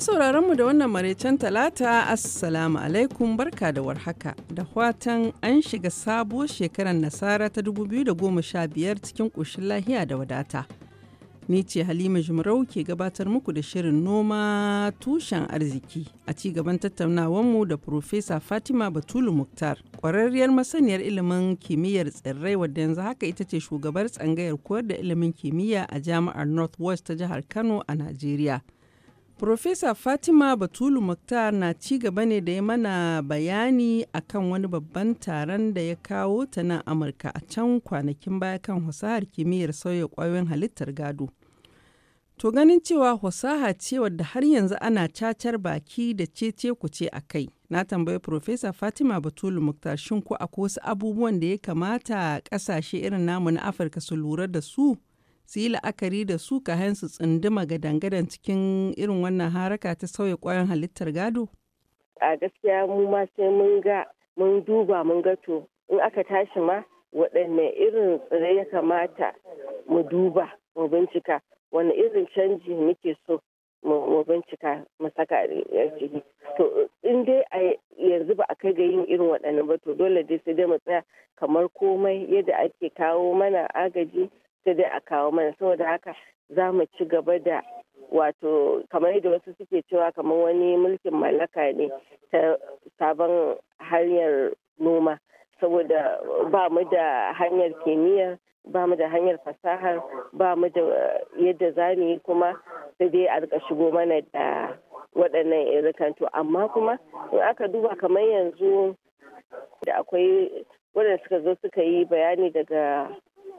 sauraron mu da wannan maraicen talata assalamu alaikum barka da warhaka da watan an shiga sabuwar shekarar nasara ta 2015 cikin ƙoshin lahiya da wadata. Ni ce Halima Jumarau ke gabatar muku da shirin noma tushen arziki a ci gaban tattaunawanmu da Profesa Fatima Batulu Muktar, ƙwararriyar masaniyar ilimin kimiyyar tsirrai wadda yanzu haka ita ce shugabar tsangayar koyar da ilimin kimiyya a jami'ar Northwest ta jihar Kano a Najeriya. Profesa Fatima Batulu Muktar na ci gaba ne da ya mana bayani akan wani babban taron da ya kawo ta nan Amurka a can kwanakin baya kan fasahar kimiyyar sauya ƙwayoyin halittar gado. To ganin cewa fasaha ce wadda har yanzu ana cacar baki da cece ku ce a kai. Na tambayi Profesa Fatima Batulu Muktar shin ko akwai wasu abubuwan da ya kamata ƙasashe irin namu na Afirka su lura da su su yi la'akari da su ka hansu tsunduma ga dangadan cikin irin wannan haraka ta sauya kwayan halittar gado? A gaskiya mu ma sai mun ga mun duba mun ga to in aka tashi ma waɗanne irin tsire ya kamata mu duba mu bincika wani irin canji muke so mu bincika mu saka a ciki to in dai a yanzu ba a kai ga yin irin waɗannan ba to dole dai sai dai mu tsaya kamar komai yadda ake kawo mana agaji sai dai a kawo mana saboda haka za mu ci gaba da wato kamar yadda wasu suke cewa kamar wani mulkin mallaka ne ta sabon hanyar noma saboda ba mu da hanyar kimiyyar ba mu da hanyar fasahar ba mu da yadda za mu yi kuma sai dai a rika shigo mana da waɗannan irukan to amma kuma in aka duba kamar yanzu da akwai waɗanda suka zo suka yi bayani daga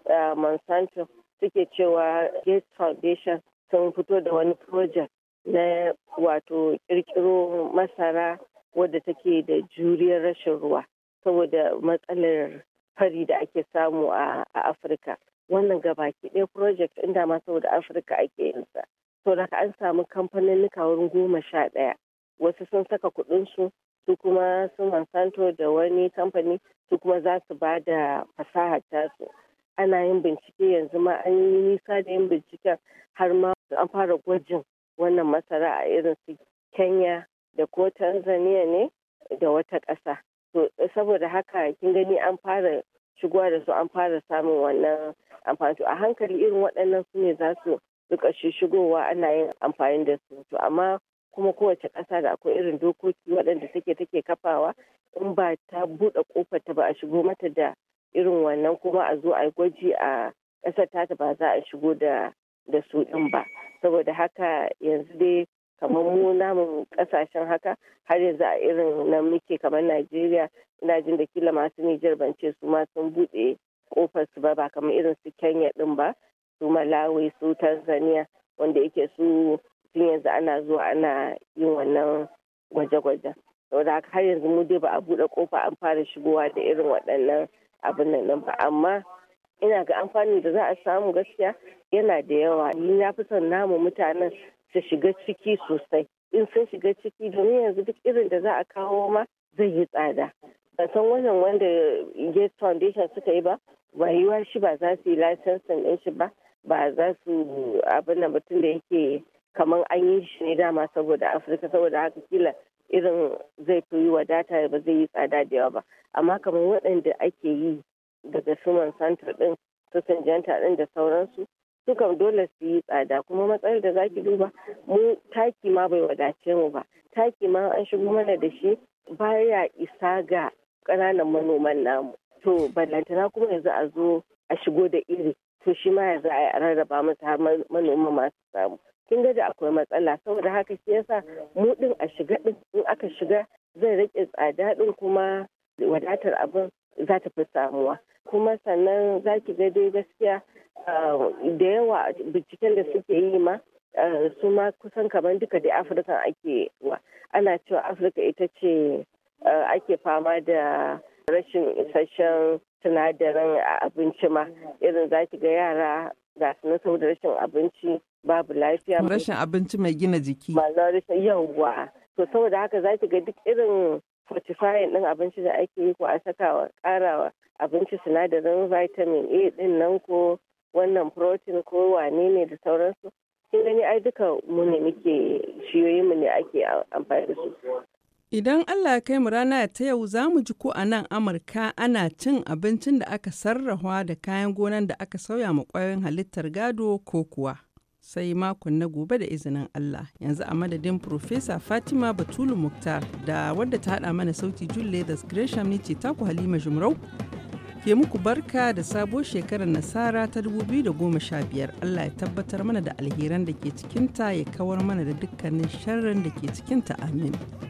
monsanto suke cewa gates foundation sun fito da wani project na wato kirkiro masara wadda take da juriyar rashin ruwa saboda matsalar fari da ake samu a afirka wannan gabaki ɗaya project inda ma saboda afirka ake yinsa to da an samu kamfanin wurin goma sha ɗaya wasu sun saka kuɗinsu su kuma su monsanto da wani kamfani su kuma za su ba da fasaha tasu ana yin bincike yanzu ma an yi nisa da yin binciken har ma an fara gwajin wannan masara a irin su kenya da ko tanzania ne da wata ƙasa to saboda haka kin gani an fara shigowa da su an fara samun wannan amfani a hankali irin waɗannan su ne za su duka shi shigowa ana yin amfani da su to amma kuma kowace ƙasa da akwai irin dokoki waɗanda take take kafawa in ba ta buɗe ƙofar ta ba a shigo mata da irin wannan kuma a zo a gwaji a ƙasar tata ba za a shigo da su ɗin ba saboda haka yanzu dai kamar mu namun ƙasashen haka har yanzu a irin nan muke kamar najeriya ina jin da kila masu nijar ban ce su ma sun buɗe kofar su ba ba kamar irin su kenya ɗin ba su malawi su tanzania wanda yake su tun yanzu ana zuwa ana yin wannan gwaje gwaje saboda haka har yanzu mu dai ba a buɗe kofa an fara shigowa da irin waɗannan abin nan ba amma ina ga amfani da za a samu gaskiya yana da yawa ni na fi son namu mutanen su shiga ciki sosai in sun shiga ciki domin yanzu duk irin da za a kawo ma zai yi tsada ba san wannan wanda gate foundation suka yi ba rayuwar shi ba za su yi laisensin ɗin shi ba ba za su abin da mutum da yake kamar an yi shi ne dama saboda afirka saboda haka kila irin zai fi yi wadata ba zai yi tsada da yawa ba amma kamar waɗanda ake yi daga suman santar ɗin su janta ɗin da sauransu su kam dole su yi tsada kuma matsalar da zaki duba mu taki ma bai wadace mu ba taki ma an shigo mana da shi baya isa ga ƙananan manoman namu to ballantana kuma yanzu a zo a shigo da iri to shi ma ya za a rarraba masa manoma masu samu kin ga da akwai matsala saboda haka shi yasa mu din a shiga din in aka shiga zai rike tsada din kuma wadatar abin za ta fi samuwa kuma sannan za ki ga dai gaskiya ah, da yawa binciken da suke yi ma ah, su ma kusan kamar duka da afirka ake wa ana cewa afirka ita ce ah, ake fama da rashin isasshen sinadarin a abinci ma irin za ki ga yara ga su na saboda rashin abinci babu lafiya. Rashin abinci mai gina jiki. Malnutrition yawwa. To saboda haka za ki ga duk irin fortifying ɗin abinci da ake yi ko a sakawa karawa abinci sinadarin vitamin A ɗin nan ko wannan protein ko wane ne da sauransu. Kin gani ai duka mu ne muke shiyoyin mu ne ake amfani da su. Idan Allah ya kai mu rana ta yau za mu ji ko a nan Amurka ana cin abincin da aka sarrafa da kayan gonan da aka sauya ma ƙwayoyin halittar gado ko kuwa. Sai makon na gobe da izinin Allah. Yanzu a madadin Profesa Fatima Batulu Muktar da wadda ta haɗa mana sauti julle da Gresham ni ce taku Halima Jumrau. Ke muku barka da sabuwar shekarar nasara ta 2015 Allah ya tabbatar mana da alheran da ke cikinta ya kawar mana da dukkanin sharrin da ke cikinta amin.